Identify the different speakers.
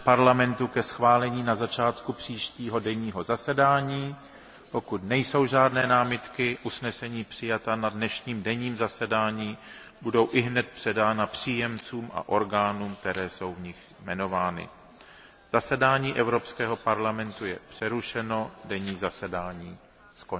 Speaker 1: parlamentu ke schválení na začátku příštího denního zasedání. Pokud nejsou žádné námitky, usnesení přijata na dnešním denním zasedání budou ihned předána příjemcům a orgánům, které jsou v nich jmenovány. Zasedání Evropského parlamentu je přerušeno, denní zasedání
Speaker 2: skončilo.